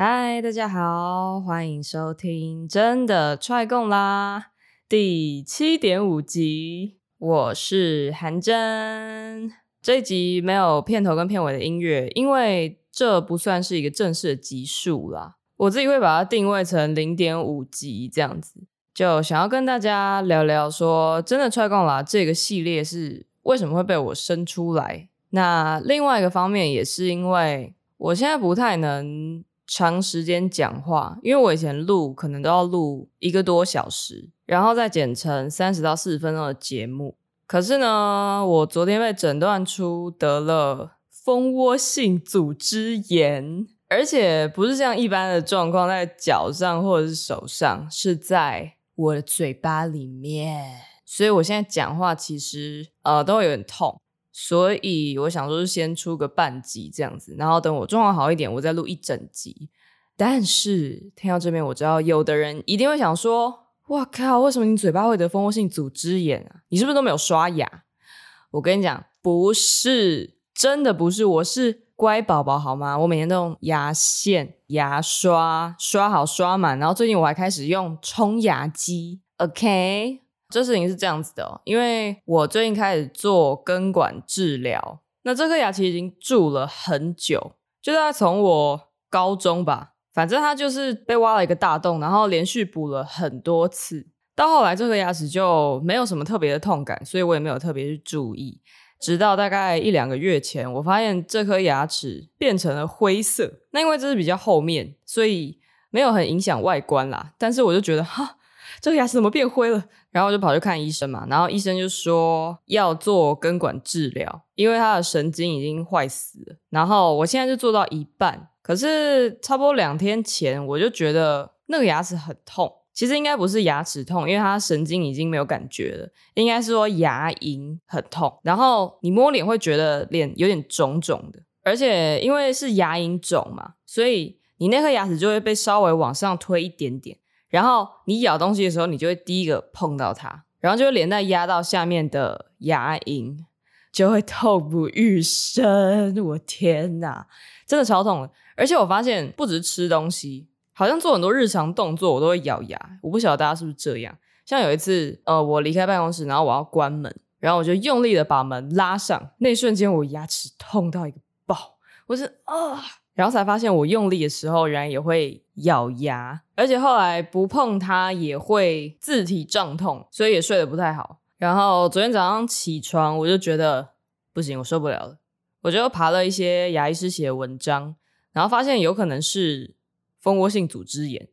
嗨，Hi, 大家好，歡迎收聽《真的踹共啦》第七點五集，我是韓真。這一集沒有片頭跟片尾的音樂，因為這不算是一個正式的集數啦，我自己會把它定位成零點五集這樣子。就想要跟大家聊聊說，《真的踹共啦》這個系列是為什麼會被我生出來。那另外一個方面也是因為我現在不太能長時間講話，因為我以前錄可能都要錄一個多小時，然後再剪成三十到四十分鐘的節目。可是呢，我昨天被診斷出得了蜂窩性組織炎，而且不是像一般的狀況在腳上或者是手上，是在我的嘴巴裡面，所以我現在講話其實呃都會有點痛。所以我想說，是先出個半集這樣子，然後等我狀況好一點，我再錄一整集。但是聽到這邊，我知道有的人一定會想說：“我靠，為什麼你嘴巴會得蜂窩性組織炎啊？你是不是都沒有刷牙？”我跟你講，不是，真的不是，我是乖寶寶好嗎？我每天都用牙線、牙刷刷好刷滿，然後最近我還開始用沖牙機。OK。這事情是這樣子的哦，因為我最近開始做根管治療，那這顆牙齒已經蛀了很久，就大概從我高中吧，反正它就是被挖了一個大洞，然後連續補了很多次，到後來這顆牙齒就沒有什麼特別的痛感，所以我也沒有特別去注意，直到大概一兩個月前，我發現這顆牙齒變成了灰色，那因為這是比較後面，所以沒有很影響外觀啦，但是我就覺得哈。這個牙齒怎麼變灰了？然後我就跑去看醫生嘛，然後醫生就說要做根管治療，因為他的神經已經壞死了。然後我現在就做到一半，可是差不多兩天前我就覺得那個牙齒很痛，其實應該不是牙齒痛，因為他神經已經沒有感覺了，應該是說牙齦很痛。然後你摸臉會覺得臉有點腫腫的，而且因為是牙齦腫嘛，所以你那顆牙齒就會被稍微往上推一點點。然後你咬東西的時候，你就會第一個碰到它，然後就連帶壓到下面的牙齦，就會痛不欲生。我天吶，真的超痛！而且我發現，不只是吃東西，好像做很多日常動作，我都會咬牙。我不曉得大家是不是這樣。像有一次，呃，我離開辦公室，然後我要關門，然後我就用力的把門拉上，那一瞬間我牙齒痛到一個爆，我是啊，哦，然後才發現我用力的時候，原來也會。咬牙，而且後來不碰它也會自體脹痛，所以也睡得不太好。然後昨天早上起床，我就覺得不行，我受不了了。我就爬了一些牙醫師寫的文章，然後發現有可能是蜂窩性組織炎，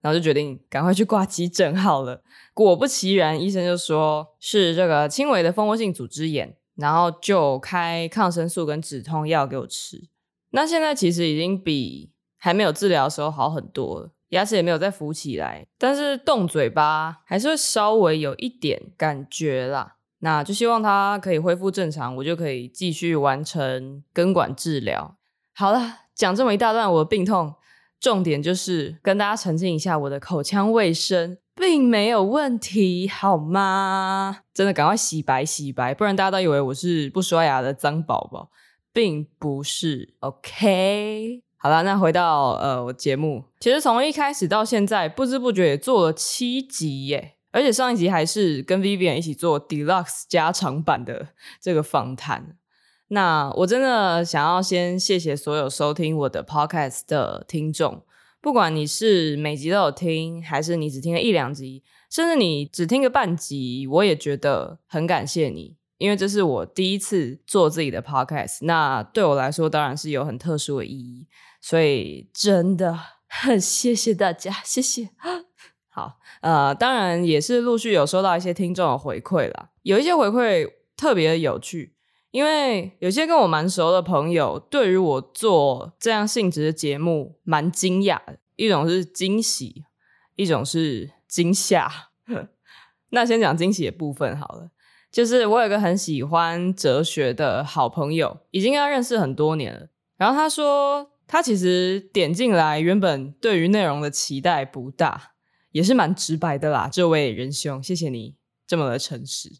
然後就決定趕快去掛急診好了。果不其然，醫生就說是這個輕微的蜂窩性組織炎，然後就開抗生素跟止痛藥給我吃。那現在其實已經比。還沒有治療的時候好很多了，牙齒也沒有再浮起來，但是動嘴巴還是會稍微有一點感覺啦。那就希望它可以恢復正常，我就可以繼續完成根管治療。好了，講這麼一大段我的病痛，重點就是跟大家澄清一下，我的口腔衛生並沒有問題，好嗎？真的趕快洗白洗白，不然大家都以為我是不刷牙的髒寶寶，並不是。OK。好啦，那回到呃，我節目，其實從一開始到現在，不知不覺也做了七集耶，而且上一集還是跟 Vivian 一起做 Deluxe 加長版的這個訪談。那我真的想要先謝謝所有收聽我的 Podcast 的聽眾，不管你是每集都有聽，還是你只聽了一兩集，甚至你只聽個半集，我也覺得很感謝你。因為這是我第一次做自己的 podcast，那對我來說當然是有很特殊的意義，所以真的很謝謝大家，謝謝。好，呃，當然也是陸續有收到一些聽眾的回饋啦，有一些回饋特別的有趣，因為有些跟我蠻熟的朋友對於我做這樣性質的節目蠻驚訝的，一種是驚喜，一種是驚嚇。 那先講驚喜的部分好了。就是我有一個很喜歡哲學的好朋友，已經跟他認識很多年了。然後他說，他其實點進來原本對於內容的期待不大，也是蠻直白的啦。這位仁兄，謝謝你這麼的誠實。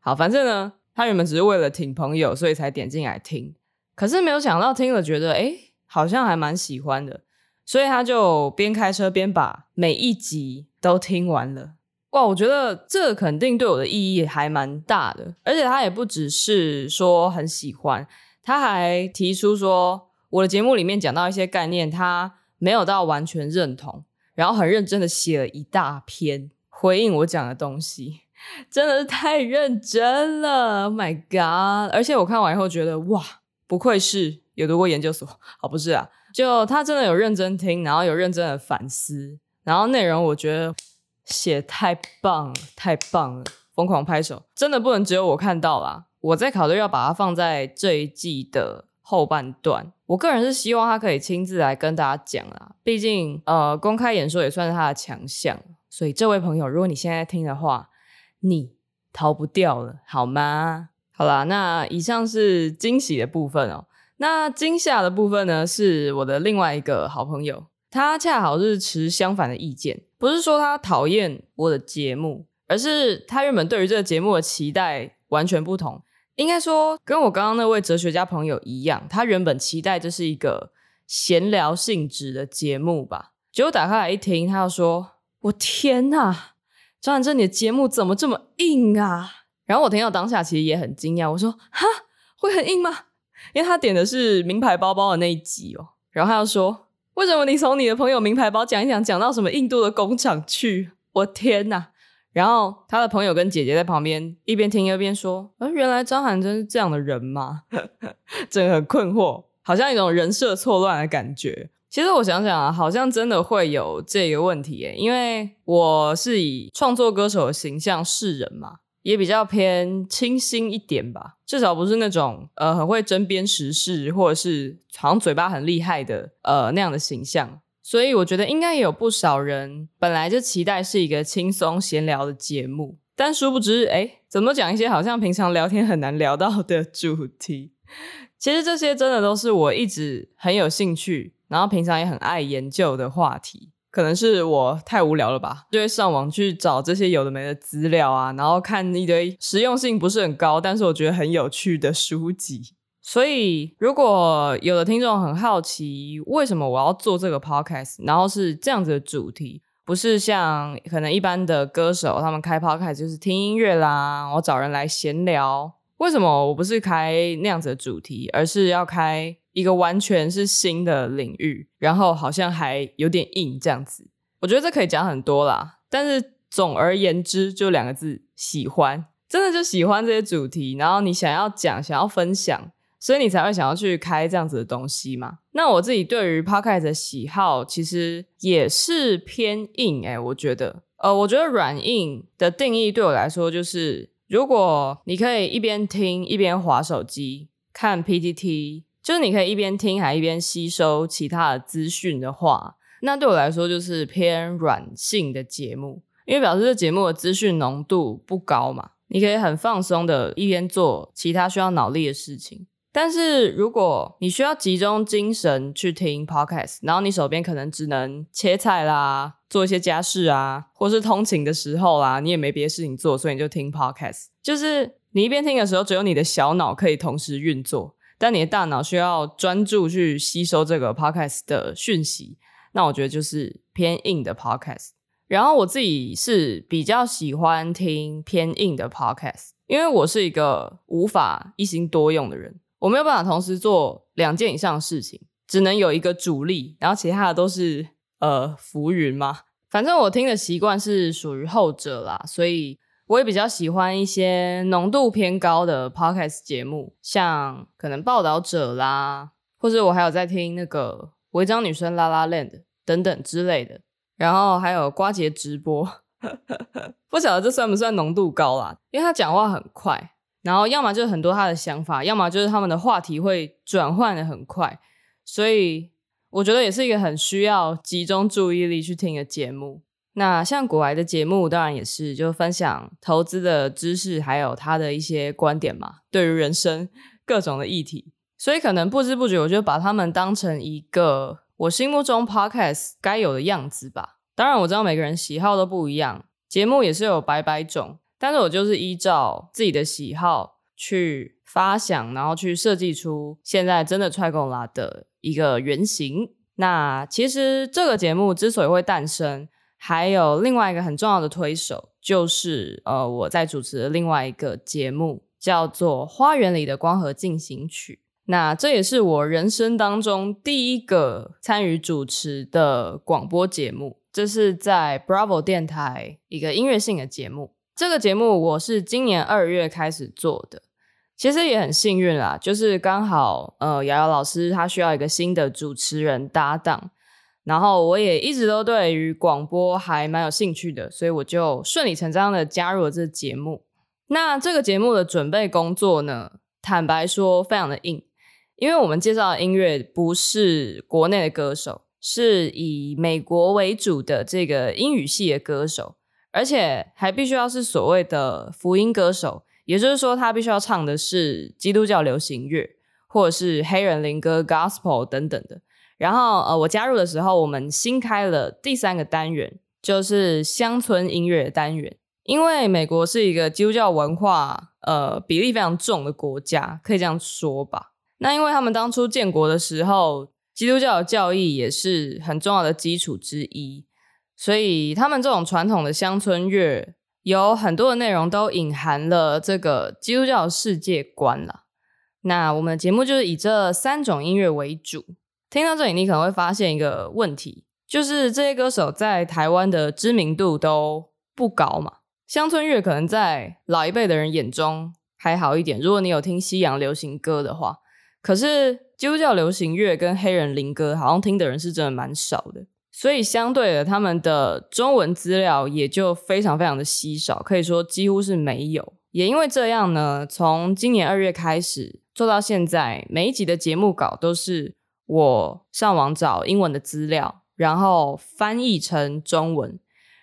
好，反正呢，他原本只是為了挺朋友，所以才點進來聽。可是沒有想到聽了覺得，誒，好像還蠻喜歡的，所以他就邊開車邊把每一集都聽完了。哇，wow, 我覺得這肯定對我的意義還蠻大的，而且他也不只是說很喜歡，他還提出說我的節目裡面講到一些概念，他沒有到完全認同，然後很認真的寫了一大篇回應我講的東西，真的是太認真了，oh my God！而且我看完以後覺得，哇，不愧是有讀過研究所，好、oh, 不是啊？就他真的有認真聽，然後有認真的反思，然後內容我覺得。寫太棒了，太棒了，瘋狂拍手！真的不能只有我看到啦。我在考慮要把它放在這一季的後半段。我個人是希望他可以親自來跟大家講啦，畢竟呃，公開演說也算是他的強項。所以這位朋友，如果你現在聽的話，你逃不掉了，好嗎？好啦，那以上是驚喜的部分哦。那驚嚇的部分呢，是我的另外一個好朋友。他恰好是持相反的意見，不是說他討厭我的節目，而是他原本對於這個節目的期待完全不同。應該說，跟我剛剛那位哲學家朋友一樣，他原本期待這是一個閒聊性質的節目吧。結果打開來一聽，他就說：“我天哪，張安正你的節目怎麼這麼硬啊？”然後我聽到當下其實也很驚訝，我說：“哈，會很硬嗎？”因為他點的是名牌包包的那一集哦。然後他就說，為什麼你從你的朋友名牌包講一講，講到什麼印度的工廠去？我天吶！然後他的朋友跟姐姐在旁邊一邊聽一邊說：“呃、原來張涵真是這樣的人嗎？” 真的很困惑，好像一種人設錯亂的感覺。其實我想想啊，好像真的會有這個問題耶，因為我是以創作歌手的形象示人嘛。也比較偏清新一點吧，至少不是那種呃，很會針砭時事或者是好像嘴巴很厲害的呃，那樣的形象，所以我覺得應該也有不少人本來就期待是一個輕鬆閒聊的節目，但殊不知哎、欸，怎麼講一些好像平常聊天很難聊到的主題？其實這些真的都是我一直很有興趣，然後平常也很愛研究的話題。可能是我太無聊了吧，就會上網去找這些有的沒的資料啊，然後看一堆實用性不是很高，但是我覺得很有趣的書籍。所以，如果有的聽眾很好奇，為什麼我要做這個 podcast，然後是這樣子的主題，不是像可能一般的歌手他們開 podcast 就是聽音樂啦，我找人來閒聊。為什麼我不是開那樣子的主題，而是要開？一個完全是新的領域，然後好像還有點硬這樣子，我覺得這可以講很多啦。但是總而言之，就兩個字：喜歡。真的就喜歡這些主題，然後你想要講，想要分享，所以你才會想要去開這樣子的東西嘛。那我自己對於 podcast 的喜好，其實也是偏硬哎、欸，我覺得。呃，我覺得軟硬的定義對我來說，就是如果你可以一邊聽一邊滑手機、看 P T T。就是你可以一邊聽還一邊吸收其他的資訊的話，那對我來說就是偏軟性的節目，因為表示這節目的資訊濃度不高嘛，你可以很放鬆的一邊做其他需要腦力的事情。但是如果你需要集中精神去聽 podcast，然後你手邊可能只能切菜啦，做一些家事啊，或是通勤的時候啦，你也沒別的事情做，所以你就聽 podcast。就是你一邊聽的時候，只有你的小腦可以同時運作。但你的大腦需要專注去吸收這個 podcast 的訊息，那我覺得就是偏硬的 podcast。然後我自己是比較喜歡聽偏硬的 podcast，因為我是一個無法一心多用的人，我沒有辦法同時做兩件以上的事情，只能有一個主力，然後其他的都是呃浮雲嘛。反正我聽的習慣是屬於後者啦，所以。我也比較喜歡一些濃度偏高的 podcast 節目，像可能報道者啦，或者我還有在聽那個違章女生拉拉 l a n d 等等之類的，然後還有瓜傑直播， 不曉得這算不算濃度高啦？因為他講話很快，然後要麼就很多他的想法，要麼就是他們的話題會轉換的很快，所以我覺得也是一個很需要集中注意力去聽的節目。那像古來的節目，當然也是就分享投資的知識，還有他的一些觀點嘛，對於人生各種的議題。所以可能不知不覺，我就把他們當成一個我心目中 podcast 該有的樣子吧。當然，我知道每個人喜好都不一樣，節目也是有百百種。但是我就是依照自己的喜好去發想，然後去設計出現在真的 Trigola 的一個原型。那其實這個節目之所以會誕生，還有另外一個很重要的推手，就是呃，我在主持的另外一個節目，叫做《花園裡的光合和進行曲》。那這也是我人生當中第一個參與主持的廣播節目，這是在 Bravo 電台一個音樂性的節目。這個節目我是今年二月開始做的，其實也很幸運啦，就是剛好呃，瑤瑤老師她需要一個新的主持人搭檔。然後我也一直都對於廣播還蠻有興趣的，所以我就順理成章的加入了這個節目。那這個節目的準備工作呢，坦白說非常的硬，因為我們介紹的音樂不是國內的歌手，是以美國為主的這個英語系的歌手，而且還必須要是所謂的福音歌手，也就是說他必須要唱的是基督教流行樂，或者是黑人靈歌 Gospel 等等的。然後，呃，我加入的時候，我們新開了第三個單元，就是鄉村音樂的單元。因為美國是一個基督教文化，呃，比例非常重的國家，可以這樣說吧。那因為他們當初建國的時候，基督教的教義也是很重要的基礎之一，所以他們這種傳統的鄉村樂有很多的內容都隱含了這個基督教的世界觀了。那我們的節目就是以這三種音樂為主。聽到這裡，你可能會發現一個問題，就是這些歌手在台灣的知名度都不高嘛。鄉村樂可能在老一輩的人眼中還好一點，如果你有聽西洋流行歌的話，可是基督教流行樂跟黑人靈歌，好像聽的人是真的蠻少的。所以相對的，他們的中文資料也就非常非常的稀少，可以說幾乎是沒有。也因為這樣呢，從今年二月開始做到現在，每一集的節目稿都是。我上網找英文的資料，然後翻譯成中文，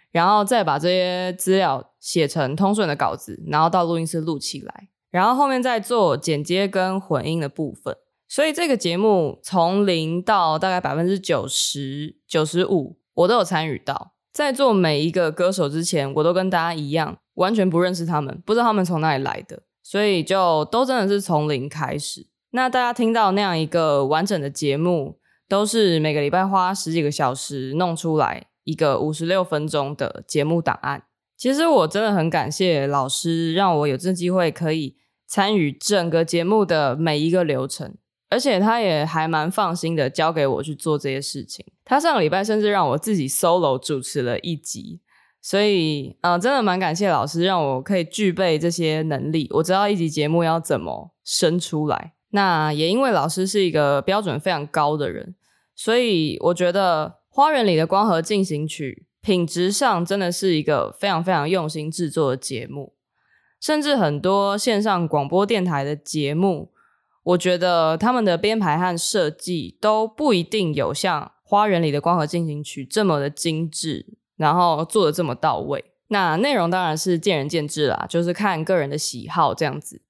然後再把這些資料寫成通順的稿子，然後到錄音室錄起來，然後後面再做剪接跟混音的部分。所以這個節目從零到大概百分之九十九十五，我都有參與到。在做每一個歌手之前，我都跟大家一樣，完全不認識他們，不知道他們從哪裡來的，所以就都真的是從零開始。那大家聽到那樣一個完整的節目，都是每個禮拜花十幾個小時弄出來一個五十六分鐘的節目檔案。其實我真的很感謝老師，讓我有這機會可以參與整個節目的每一個流程，而且他也還蠻放心的交給我去做這些事情。他上個禮拜甚至讓我自己 solo 主持了一集，所以嗯、呃，真的蠻感謝老師，讓我可以具備這些能力。我知道一集節目要怎麼生出來。那也因為老師是一個標準非常高的人，所以我覺得《花園裡的光合進行曲》品質上真的是一個非常非常用心制作的節目，甚至很多線上廣播電台的節目，我覺得他們的編排和設計都不一定有像《花園裡的光合進行曲》這麼的精致，然後做的這麼到位。那內容當然是見仁見智啦，就是看個人的喜好這樣子。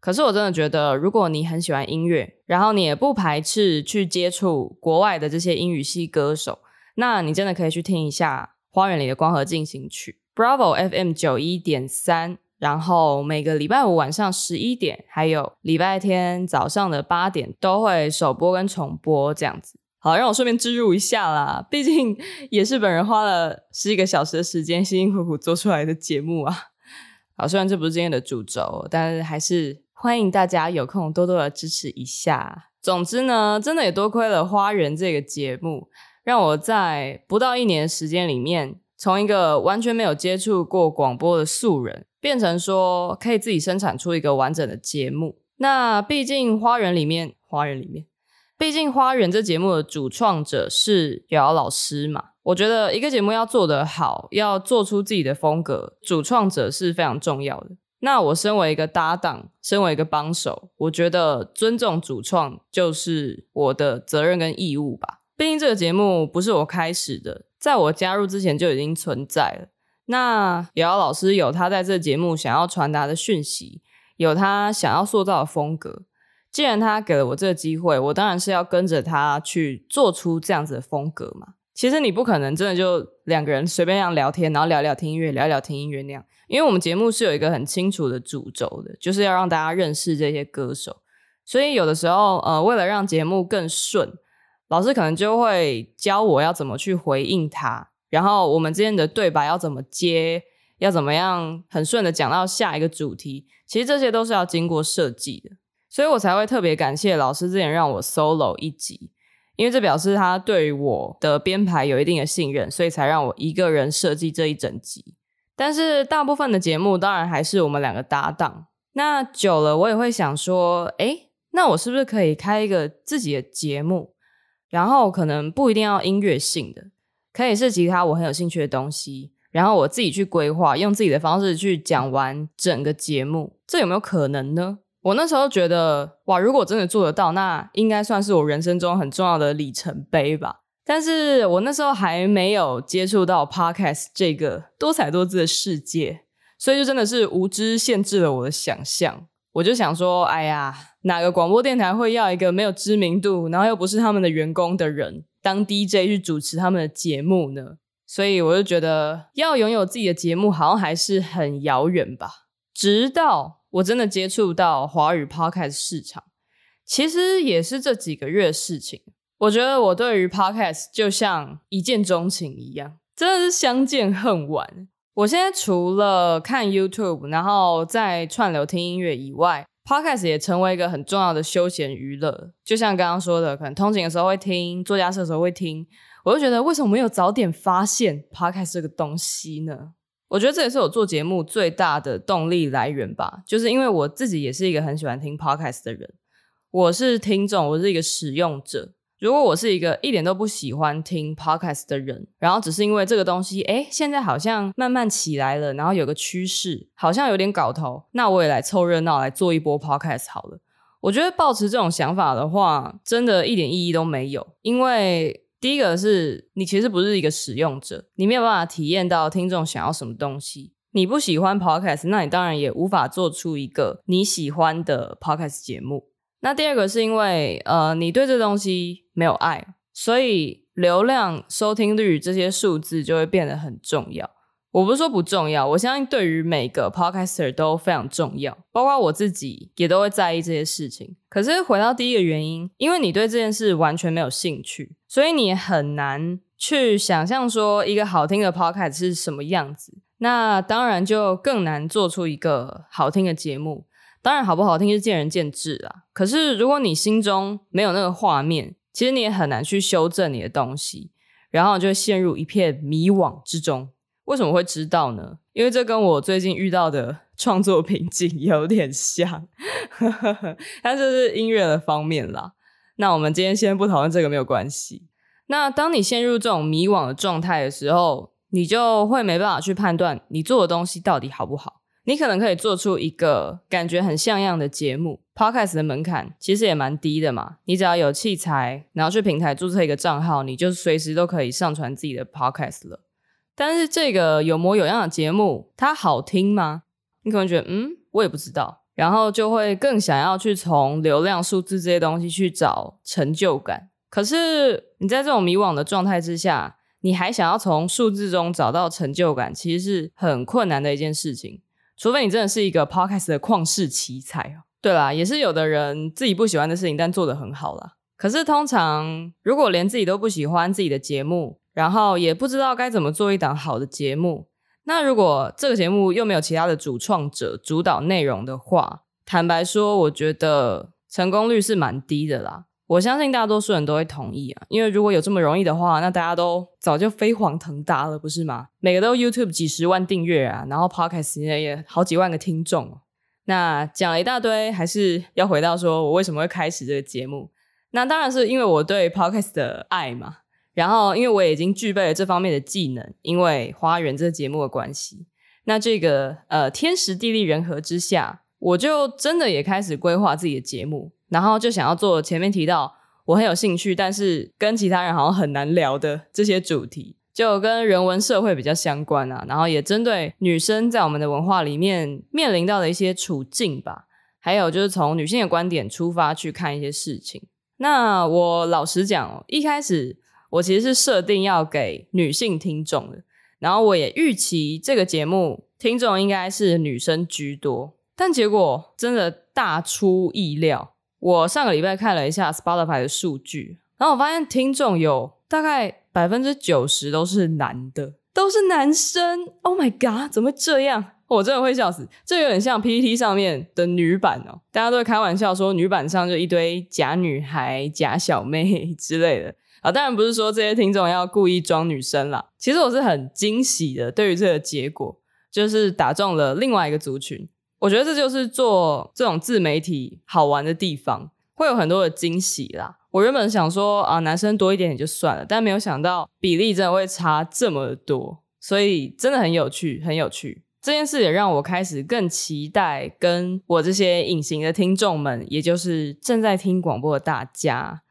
可是我真的覺得，如果你很喜歡音樂，然後你也不排斥去接觸國外的這些英語系歌手，那你真的可以去聽一下《花園裡的光合進行曲》。Bravo FM 九一點三，然後每個禮拜五晚上十一點，還有禮拜天早上的八點，都會首播跟重播這樣子。好，讓我順便植入一下啦，畢竟也是本人花了十幾個小時的時間辛辛苦苦做出來的節目啊。好，雖然這不是今天的主軸，但是還是。歡迎大家有空多多的支持一下。總之呢，真的也多虧了《花園》這個節目，讓我在不到一年時間裡面，從一個完全沒有接觸過廣播的素人，變成說可以自己生產出一個完整的節目。那畢竟《花園》裡面，《花園》裡面，畢竟《花園》這節目的主創者是瑤老師嘛。我覺得一個節目要做得好，要做出自己的風格，主創者是非常重要的。那我身為一個搭檔，身為一個幫手，我覺得尊重主創就是我的責任跟義務吧。畢竟這個節目不是我開始的，在我加入之前就已經存在了。那瑤瑤老師有他在這節目想要傳達的訊息，有他想要塑造的風格。既然他給了我這個機會，我當然是要跟着他去做出這樣子的風格嘛。其實你不可能真的就兩個人隨便這樣聊天，然後聊聊聽音樂，聊聊聽音樂那樣。因為我們節目是有一個很清楚的主軸的，就是要讓大家認識這些歌手。所以有的時候，呃，為了讓節目更順，老師可能就會教我要怎麼去回應他，然後我們之間的對白要怎麼接，要怎麼樣很順的講到下一個主題。其實這些都是要經過設計的，所以我才會特別感謝老師之前讓我 solo 一集。因為這表示他對我的編排有一定的信任，所以才讓我一個人設計這一整集。但是大部分的節目當然還是我們兩個搭檔。那久了我也會想說，哎，那我是不是可以開一個自己的節目？然後可能不一定要音樂性的，可以是其他我很有興趣的東西。然後我自己去規劃，用自己的方式去講完整個節目，這有沒有可能呢？我那時候覺得，哇，如果真的做得到，那應該算是我人生中很重要的里程碑吧。但是我那時候還沒有接觸到 podcast 這個多彩多姿的世界，所以就真的是無知限制了我的想象。我就想說，哎呀，哪個廣播電台會要一個沒有知名度，然後又不是他們的員工的人當 DJ 去主持他們的節目呢？所以我就覺得，要擁有自己的節目，好像還是很遙遠吧。直到。我真的接觸到華語 podcast 市場，其實也是這幾個月的事情。我覺得我對於 podcast 就像一見鍾情一樣，真的是相見恨晚。我現在除了看 YouTube，然後在串流聽音樂以外，podcast 也成為一個很重要的休閒娛樂。就像剛剛說的，可能通勤的時候會聽，做家事的時候會聽。我就覺得，為什麼沒有早點發現 podcast 這個東西呢？我覺得這也是我做節目最大的動力來源吧，就是因為我自己也是一個很喜歡聽 podcast 的人，我是聽眾，我是一個使用者。如果我是一個一點都不喜歡聽 podcast 的人，然後只是因為這個東西，哎，現在好像慢慢起來了，然後有個趨勢，好像有點搞頭，那我也來湊熱鬧來做一波 podcast 好了。我覺得抱持這種想法的話，真的一點意義都沒有，因為，第一個是你其實不是一個使用者，你沒有辦法體驗到聽眾想要什麼東西。你不喜歡 podcast，那你當然也無法做出一個你喜歡的 podcast 節目。那第二個是因為呃，你對這東西沒有愛，所以流量、收聽率這些數字就會變得很重要。我不是說不重要，我相信對於每個 podcaster 都非常重要，包括我自己也都會在意這些事情。可是回到第一個原因，因為你對這件事完全沒有興趣，所以你也很難去想象說一個好聽的 podcast 是什麼樣子。那當然就更難做出一個好聽的節目。當然好不好聽是見仁見智啦。可是如果你心中沒有那個畫面，其實你也很難去修正你的東西，然後就陷入一片迷惘之中。為什麼會知道呢？因為這跟我最近遇到的創作瓶頸有點像， 但這是音樂的方面啦。那我們今天先不討論這個，沒有關係。那當你陷入這種迷惘的狀態的時候，你就會沒辦法去判斷你做的東西到底好不好。你可能可以做出一個感覺很像樣的節目，podcast 的門檻其實也蠻低的嘛。你只要有器材，然後去平台注冊一個賬號，你就隨時都可以上傳自己的 podcast 了。但是這個有模有樣的節目，它好聽嗎？你可能覺得，嗯，我也不知道，然後就會更想要去從流量數字這些東西去找成就感。可是你在這種迷惘的狀態之下，你還想要從數字中找到成就感，其實是很困難的一件事情。除非你真的是一個 podcast 的曠世奇才。對啦，也是有的人自己不喜歡的事情，但做得很好啦。可是通常，如果連自己都不喜歡自己的節目，然後也不知道該怎麼做一檔好的節目。那如果這個節目又沒有其他的主創者主導內容的話，坦白說，我覺得成功率是蠻低的啦。我相信大多數人都會同意啊，因為如果有這麼容易的話，那大家都早就飛黃騰達了，不是嗎？每個都 YouTube 幾十萬訂閱啊，然後 Podcast 也好幾萬個聽眾。那講了一大堆，還是要回到說我為什麼會開始這個節目。那當然是因為我對 Podcast 的愛嘛。然後，因為我已經具備了這方面的技能，因為《花園》這個節目的關係，那這個呃天時地利人和之下，我就真的也開始規劃自己的節目，然後就想要做前面提到我很有興趣，但是跟其他人好像很難聊的這些主題，就跟人文社會比較相關啊，然後也針對女生在我們的文化裡面面臨到的一些處境吧，還有就是從女性的觀點出發去看一些事情。那我老實講哦，一開始。我其實是設定要給女性聽眾的，然後我也預期這個節目聽眾應該是女生居多，但結果真的大出意料。我上個禮拜看了一下 Spotify 的數據，然後我發現聽眾有大概百分之九十都是男的，都是男生。Oh my god，怎麼會這樣？我真的會笑死。這有點像 PTT 上面的女版哦，大家都會開玩笑說女版上就一堆假女孩、假小妹之類的。啊，當然不是說這些聽眾要故意裝女生啦。其實我是很驚喜的，對於這個結果，就是打中了另外一個族群。我覺得這就是做這種自媒體好玩的地方，會有很多的驚喜啦。我原本想說啊，男生多一點也就算了，但沒有想到比例真的會差這麼多，所以真的很有趣，很有趣。這件事也讓我開始更期待跟我這些隱形的聽眾們，也就是正在聽廣播的大家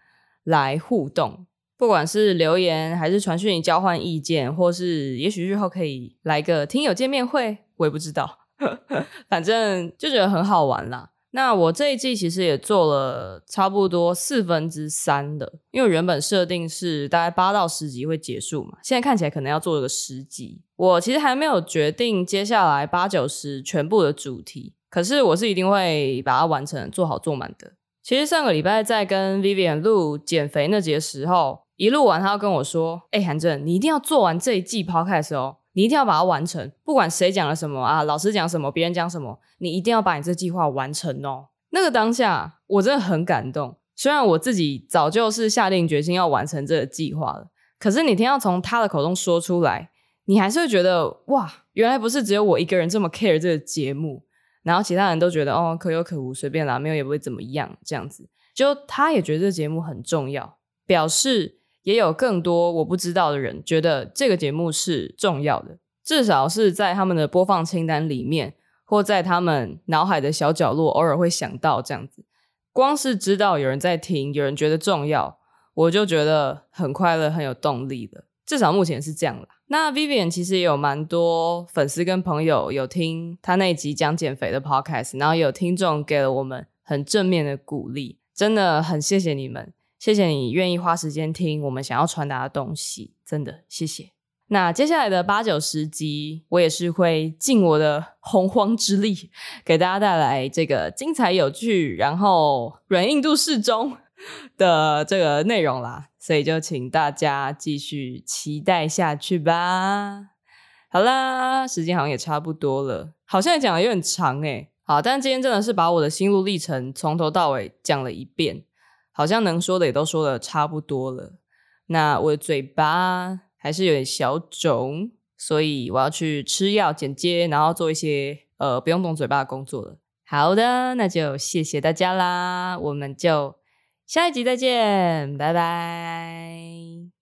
來互動。不管是留言還是傳訊息交換意見，或是也許日後可以來個聽友見面會，我也不知道， 反正就覺得很好玩啦。那我這一季其實也做了差不多四分之三的，因為原本設定是大概八到十集會結束嘛，現在看起來可能要做一個十集。我其實還沒有決定接下來八九十全部的主題，可是我是一定會把它完成做好做滿的。其實上個禮拜在跟 Vivian 錄減肥那節的時候，一錄完，他要跟我說：“誒、欸、韓正，你一定要做完這一季 Podcast 哦，你一定要把它完成。不管誰講了什麼啊，老師講什麼，別人講什麼，你一定要把你這計劃完成哦。”那個當下，我真的很感動。雖然我自己早就是下定決心要完成這個計劃了，可是你聽到從他的口中說出來，你還是會覺得哇，原來不是只有我一個人這麼 care 這個節目。然後其他人都覺得哦，可有可無，隨便啦，沒有也不會怎麼樣。這樣子，就他也覺得這個節目很重要，表示。也有更多我不知道的人覺得這個節目是重要的，至少是在他們的播放清單裡面，或在他們腦海的小角落偶爾會想到這樣子。光是知道有人在聽，有人覺得重要，我就覺得很快樂，很有動力了。至少目前是這樣啦。那 Vivian 其實也有蠻多粉絲跟朋友有聽她那集講減肥的 podcast，然後也有聽眾給了我們很正面的鼓勵，真的很謝謝你們。謝謝你願意花時間聽我們想要傳達的東西，真的謝謝。那接下來的八九十集，我也是會盡我的洪荒之力，給大家帶來這個精彩有趣，然後軟硬度適中的這個內容啦。所以就請大家繼續期待下去吧。好啦，時間好像也差不多了，好像講的有點長誒。欸，好，但今天真的是把我的心路歷程從頭到尾講了一遍。好像能說的也都說的差不多了，那我的嘴巴還是有點小腫，所以我要去吃藥、剪接，然後做一些呃不用動嘴巴的工作了。好的，那就謝謝大家啦，我們就下一集再見，拜拜。